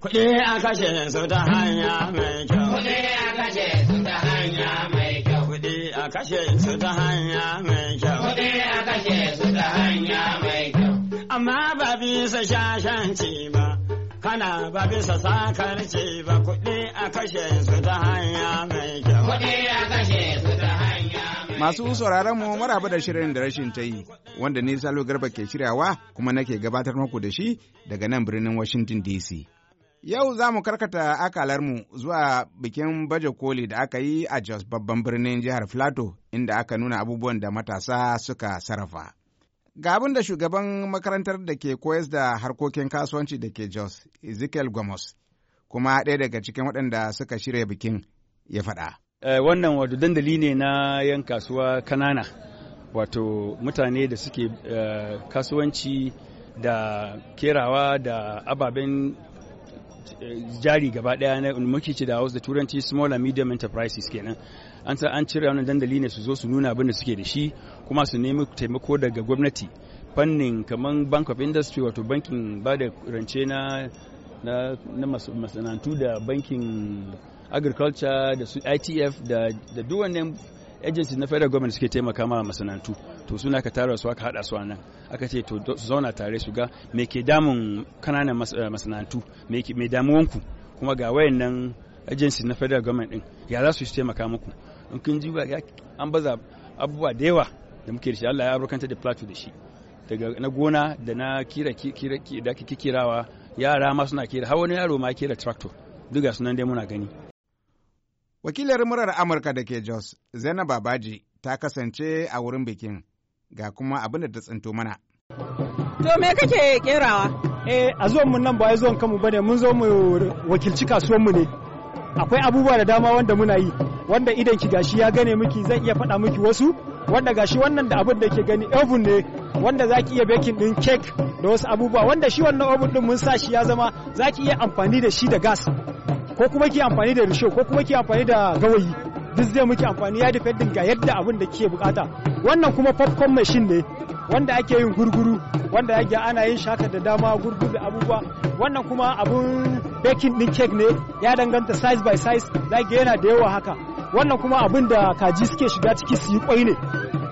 Kuɗi a kashe su ta hanya mai kyau. Kuɗi a kashe su ta hanya mai kyau. Kuɗi a kashe su ta hanya mai kyau. Kuɗi a kashe su ta hanya mai kyau. Amma ba bisa shashanci ba, kana ba bisa sakarci ba, kuɗi a kashe su ta hanya mai kyau. Kuɗi a kashe su ta hanya mai kyau. Masu sauraron mu maraba da shirin da rashin ta yi, wanda ni Salo Garba ke shiryawa kuma nake gabatar muku da shi daga nan birnin Washington DC. Yau za mu karkata akalarmu zuwa bikin baje koli da aka yi a Jos babban birnin jihar Filato inda aka nuna abubuwan da matasa suka sarrafa. Ga abin da shugaban makarantar da ke koyas da harkokin kasuwanci da ke Jos, Ezekiel Gomos, kuma ɗaya daga cikin waɗanda suka shirya bikin ya faɗa. Eh, wannan wato dandali ne na yan kasuwa kanana, wato mutane da suke eh, kasuwanci da kerawa da ababen jari gaba daya na muke ce da house da turanci small and medium enterprises kenan an san an cire wannan dandali ne su zo su nuna abin da suke da shi kuma su nemi taimako daga gwamnati fannin kamar bank of industry wato bankin ba da rance na na, masana'antu da bankin agriculture da su itf da, da duk wannan agency na federal government suke taimaka ma masana'antu to suna ka tara su aka hada su nan aka ce to su zauna tare su ga me ke damun kananan eh, masana'antu me ke me damuwanku kuma ga wayannan agency na federal government din ya za su yi taimaka muku in kun ji an baza abubuwa da yawa da muke da shi Allah ya abrukanta da plateau da shi daga na gona da na kira kira da kike kirawa yara ma suna kira har wani yaro ma kira tractor duka sunan dai muna gani wakilar murar amurka da ke jos zainab babaji ta kasance a wurin bikin ga kuma abin da ta tsinto mana. To me kake kerawa? Eh a zuwan mun nan ba zuwan kanmu bane mun zo mu wakilci kasuwan mu ne. Akwai abubuwa da dama wanda muna yi wanda idan ki gashi ya gane miki zai iya faɗa miki wasu wanda gashi wannan da abin da ke gani oven ne wanda za ki iya baking din cake da wasu abubuwa wanda shi wannan oven din mun sa shi ya zama za ki iya amfani da shi da gas ko kuma ki amfani da risho ko kuma ki amfani da gawayi duk zai muke amfani ya depending ga yadda abin da ke bukata wannan kuma popcorn machine ne wanda ake yin gurguru wanda ake ana yin shaka da dama gurguru da abubuwa wannan kuma abun baking din cake ne ya danganta size by size zage yana da yawa haka wannan kuma abin da kaji suke shiga ciki su yi kwai ne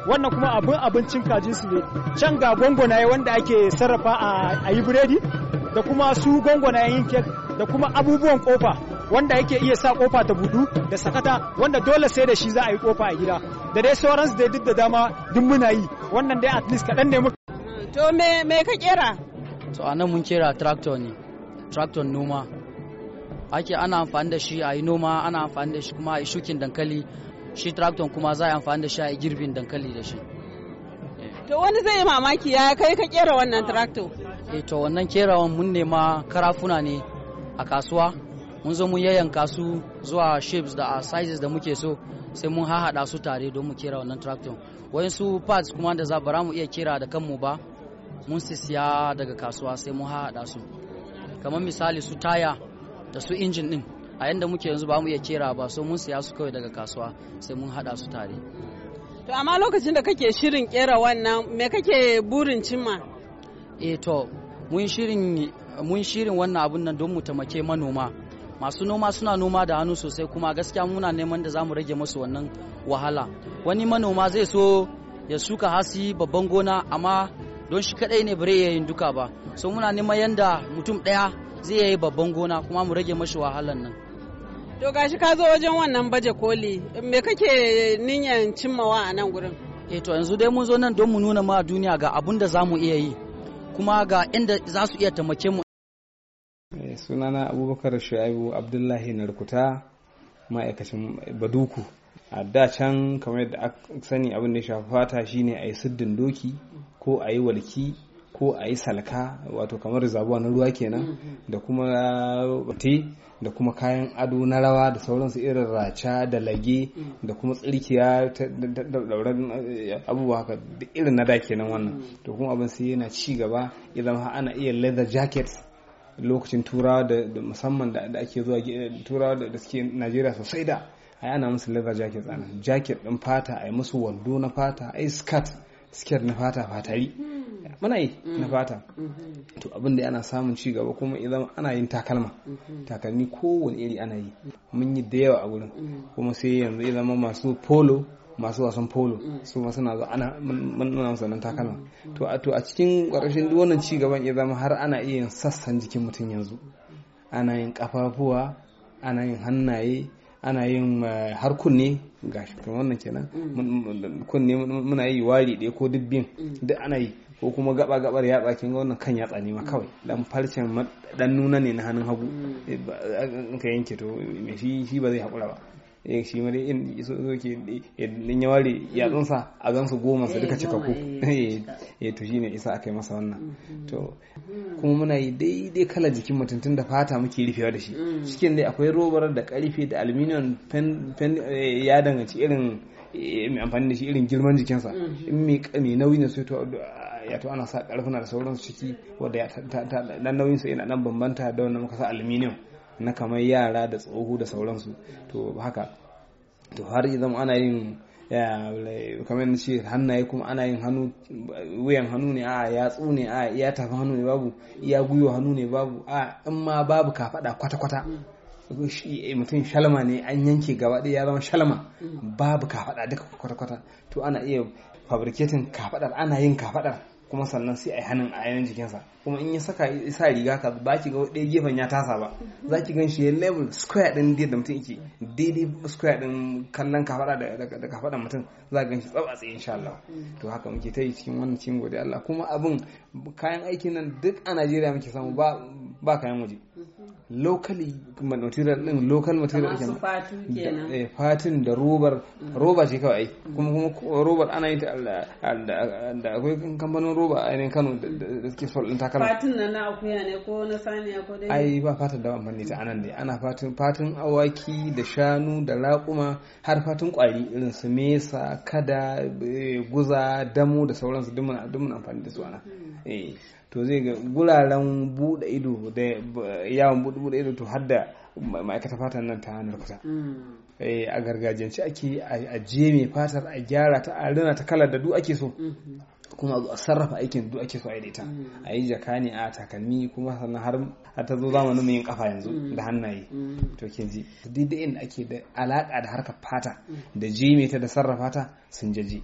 wannan kuma abin abincin kaji su ne can ga gwangwanaye wanda ake sarrafa a yi biredi da kuma su gwangwanayen yin kek da kuma abubuwan kofa wanda yake iya sa kofa ta budu da sakata wanda dole sai da shi za a yi kofa a gida da dai sauransu dai duk da dama duk muna yi wannan dai at least kaɗan ne muka. to me me ka kera. to a nan mun kera tractor ne tractor noma ake ana amfani da shi a yi noma ana amfani da shi kuma a yi shukin dankali shi tractor kuma za a yi amfani da shi a yi girbin dankali da shi. to wani zai yi mamaki ya kai ka kera wannan tractor. eh to wannan kerawan mun nema karafuna ne a kasuwa mun zo mun yayyanka su zuwa shapes da sizes da muke so sai mun hahada su tare don mu kera wannan tractor su parts kuma da za bara mu iya kera da kanmu ba mun siya daga kasuwa sai mun hahada su kamar misali su taya da su injin din a yanda muke yanzu ba mu iya kera ba so mun siya su kawai daga kasuwa sai mun hada su tare to amma lokacin da kake shirin kera wannan me kake burin cimma eh to mun shirin mun shirin wannan abun nan don mu tamake manoma masu noma suna noma da hannu sosai kuma gaskiya muna neman da za mu rage masu wannan wahala wani manoma zai so ya shuka hasi babban gona amma don shi kadai ne bare yayin duka ba so muna neman yanda mutum daya zai yi babban gona kuma mu rage mashi wahalan nan to gashi ka zo wajen wannan baje koli me kake niyan cimmawa a nan gurin eh to yanzu dai mun zo nan don mu nuna ma duniya ga abun da zamu iya yi kuma ga inda za su iya taimake mu Eh, sunana abubakar shu'aibu abdullahi na narkuta ma'aikacin baduku a da can kamar yadda aka sani abin da ya shafi fata shine a yi siddin doki ko a yi walki ko a yi salka wato kamar zabuwa na ruwa kenan mm-hmm. da kuma bate da kuma kayan ado na rawa da sauransu irin raca da lage mm. da kuma tsirkiya da dauran eh, abubuwa haka da irin na da kenan wannan mm. to kuma abin sai yana ci gaba ya zama ana iya leather jackets lokacin tura da musamman da ake zuwa tura da suke najeriya sosai da ai ana musu leather jacket tsana jacket din fata ai musu wando na fata ai skirt skirt na fata fatari hmm. muna yi hmm. na fata hmm. to abin da ana samun ci gaba kuma idan ana yin takalma takalmi kowane iri ana yi mun yi da yawa a wurin kuma sai yanzu idan masu polo masu wasan polo mm. su ma suna ana muna wasannin takalma to a to a cikin ƙarshen duk wannan cigaban ya zama har ana iya yin sassan jikin mutum yanzu ana yin ƙafafuwa ana yin hannaye ana yin eh, har kunne shi kuma wannan kenan mm. kunne muna yi wari ɗaya ko dubbin mm. duk ana yi ko kuma gaba gabar ya kin ga wannan kan yatsa tsani ma kawai dan farcen dan nuna ne na hannun hagu eh, ka yanke to me shi shi ba zai hakura ba Eh, shi ma in so ke eh, in ya ware yatsunsa a su goma su duka eh, cikakku eh to shine isa akai masa wannan mm-hmm. to kuma muna yi daidai kalar jikin mutum tun da fata muke rufewa da shi mm. cikin dai akwai robar da karfe da aluminium ya danganci irin mai amfani da shi irin girman jikinsa mm-hmm. in mai nauyi ne sai to ya to ana sa karfuna da sauransu ciki wanda ya dan nauyin sa yana dan bambanta da wanda muka sa aluminium na kamar yara da tsohu da sauransu to haka to har zama ana yin kamar ce hannaye kuma ana yin hannu wuyan hannu ne a yatsu ne a ya tafi hannu ne babu iya gwiwa hannu ne babu a in ma babu kafada kwata-kwata eh, mutum shalma ne an yanke gaba ɗaya ya zama shalma babu kafada duka kwata-kwata to ana iya fabriketin kafadar ana yin kafadar kuma sannan sai a yi hannun a yanar jikinsa kuma in ya saka isa riga ka ba ki ga ɗaya gefen ya tasa ba za ki gan shi ya level square ɗin da mutum yake daidai square ɗin kallon kafaɗa da kafaɗa mutum za ka gan shi tsaba tsaye insha Allah mm. to haka muke ta yi cikin wannan cikin godiya Allah kuma abin kayan aikin nan duk a Najeriya muke samu ba kayan waje mm. locally material din local material ɗin kenan eh, fatin da robar mm. roba ce kawai mm. kuma kuma robar ana yi ta da akwai kamfanin roba a yanayin Kano da suke sol din takalma fatin na na akuya ne ko na saniya ko dai ai ba fatin da amfani ta anan ne ana fatin fatin awaki da shanu da raƙuma har fatin kwari irin su mesa kada eh, guza damo da sauransu duk mun amfani da su ana mm. eh, to zai ga guraren bude ido da yawon bude ido to hadda ma'aikata fatan nan ta hannun kusa mm. eh, a gargajiyance ake a je mai fatar a gyara ta a rina ta kalar da duk ake so mm-hmm. kuma a sarrafa aikin duk ake so a ita mm. a yi jaka ne a takalmi kuma sannan har ta zo zamanin mai yin kafa yanzu mm. da hannaye mm. to ke ji duk inda ake da alaka da harkar fata da jime ta da sarrafa ta sun jaji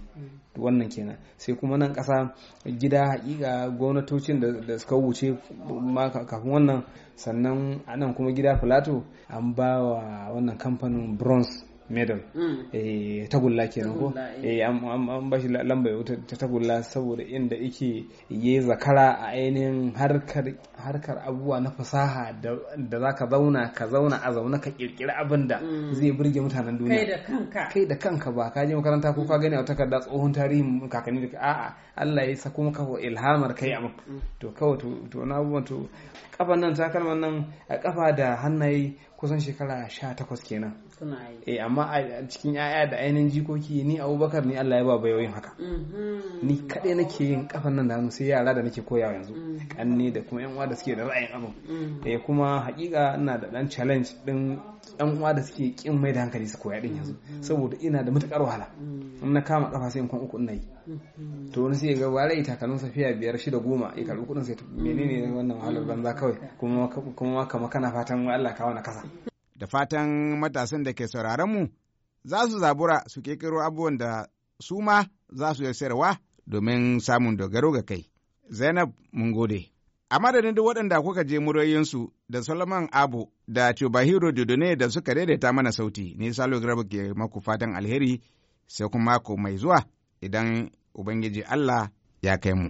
wannan kenan sai kuma nan kasa gida hakika gwamnatocin da suka wuce ma kafin wannan sannan anan kuma gida filato an ba wa wannan kamfanin bronze medal mm. eh, tagulla kenan ko eh. Eh, an bashi lamba ta tagulla saboda inda yake yi zakara a ainihin harkar abubuwa na fasaha da za ka zauna ka zauna a zaune ka kirkiri abinda mm. zai burge mutanen duniya kai da kanka kai da kanka ba ka je makaranta ko ka gani a takarda tsohon tarihin kakanni da a'a Allah ya sako maka ilhamar kai abin mm. to kawai to na abubuwan to kafan nan takalman nan a kafa da hannaye kusan shekara sha takwas kenan eh amma a cikin yaya da ainihin jikoki ni abubakar ni allah ya ba bayoyin haka mm-hmm. ni kaɗai nake yin kafan nan da hannu sai yara da nake koya yanzu kanne mm-hmm. da kuma yan uwa da suke da ra'ayin abin mm-hmm. eh kuma hakika ina da dan challenge din yan uwa da suke kin mai da hankali su koya din yanzu saboda ina da matukar wahala in na kama kafa sai in kwan uku ina yi to wani sai ga ware takalmin safiya biyar shida goma ya karbi kudin sai menene wannan wahalar banza ka kawai kuma kama kana fatan Allah kawo na kasa. Da fatan matasan da ke sauraron mu za su zabura su kekiro abubuwan da su ma za su sayarwa domin samun dogaro ga kai. Zainab mun gode. A madadin duk waɗanda kuka je murayensu da Solomon Abu da Chubahiro Dodone da suka daidaita mana sauti, ni Salo Grabu ke maku fatan alheri sai kuma mako mai zuwa idan Ubangiji Allah ya kai mu.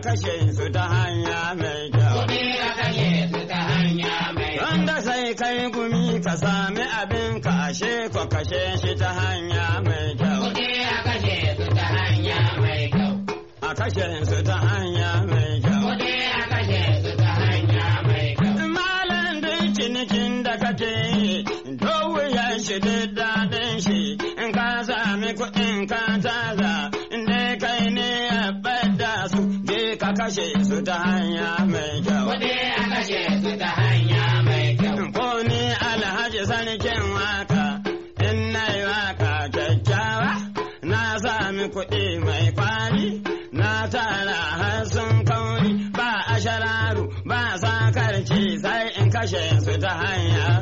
kashe su ta hanya mai kyau. su ta mai kyau. Wanda sai kai gumi ka sami abin ka ashe ko kashe shi ta hanya mai kyau. Kuɗi a kashe su ta hanya mai kyau. A kashe su ta ta hanya mai kyau. Kuɗi a su ta hanya mai kyau. Ko ni alhaji sarkin waka, in na yi waka kyakkyawa, na sami kuɗi mai kwali, na tara har sun kauri, ba a shararu, ba sakarci sai in kashe su ta hanya